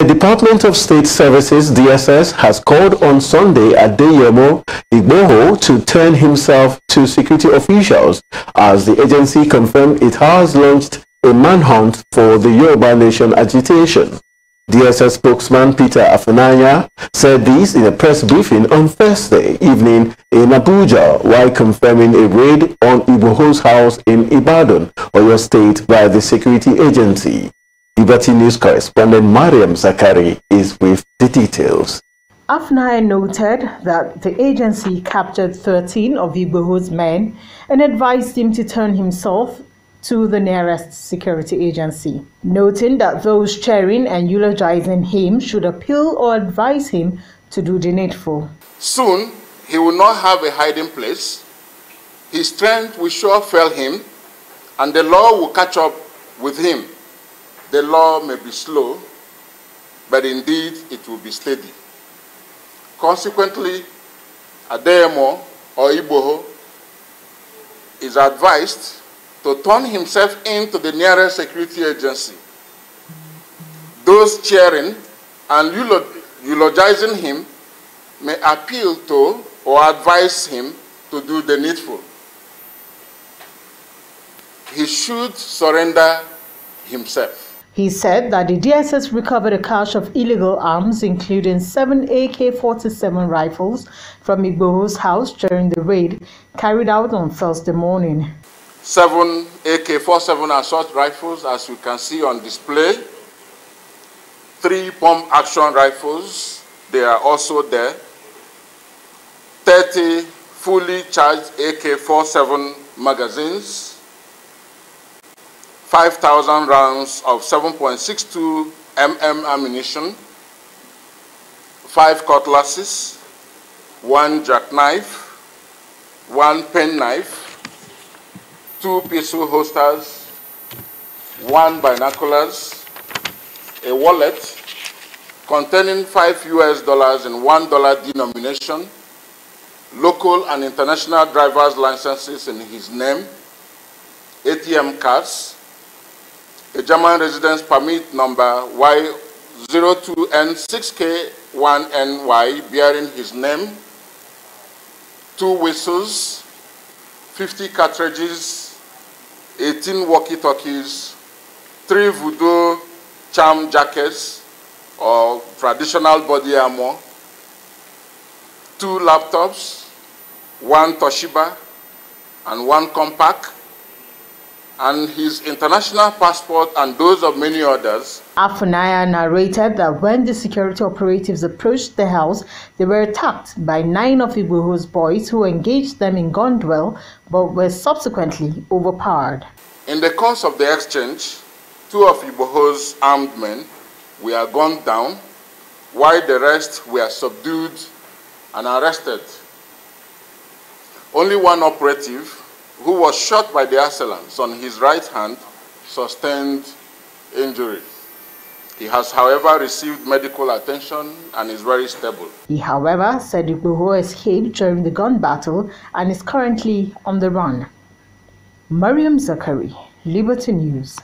The Department of State Services, DSS, has called on Sunday at Deyemo Igboho to turn himself to security officials as the agency confirmed it has launched a manhunt for the Yoruba Nation agitation. DSS spokesman Peter Afenanya said this in a press briefing on Thursday evening in Abuja while confirming a raid on Igboho's house in Ibadan, Oyo State by the security agency. Liberty News correspondent Mariam Zakari is with the details. AFNAI noted that the agency captured 13 of Igboho's men and advised him to turn himself to the nearest security agency, noting that those cheering and eulogizing him should appeal or advise him to do the needful. Soon, he will not have a hiding place. His strength will sure fail him, and the law will catch up with him. The law may be slow, but indeed it will be steady. Consequently, Ademo or Iboho is advised to turn himself in to the nearest security agency. Those cheering and eulogizing him may appeal to or advise him to do the needful. He should surrender himself. He said that the DSS recovered a cache of illegal arms, including seven AK 47 rifles, from Igboho's house during the raid carried out on Thursday morning. Seven AK 47 assault rifles, as you can see on display, three pump action rifles, they are also there, 30 fully charged AK 47 magazines 5,000 rounds of 7.62 mm ammunition, 5 cutlasses, 1 jackknife, 1 penknife, 2 pistol holsters, 1 binoculars, a wallet containing 5 US dollars in $1 denomination, local and international driver's licenses in his name, ATM cards, a German residence permit number Y02N6K1NY bearing his name, two whistles, 50 cartridges, 18 walkie-talkies, three voodoo charm jackets or traditional body armor, two laptops, one Toshiba, and one compact, and his international passport and those of many others. Afunaya narrated that when the security operatives approached the house, they were attacked by nine of Igboho's boys who engaged them in gun duel but were subsequently overpowered. In the course of the exchange, two of Igboho's armed men were gunned down while the rest were subdued and arrested. Only one operative who was shot by the assailants on his right hand, sustained injury. He has, however, received medical attention and is very stable. He, however, said Igboho escaped during the gun battle and is currently on the run. Mariam Zakari, Liberty News.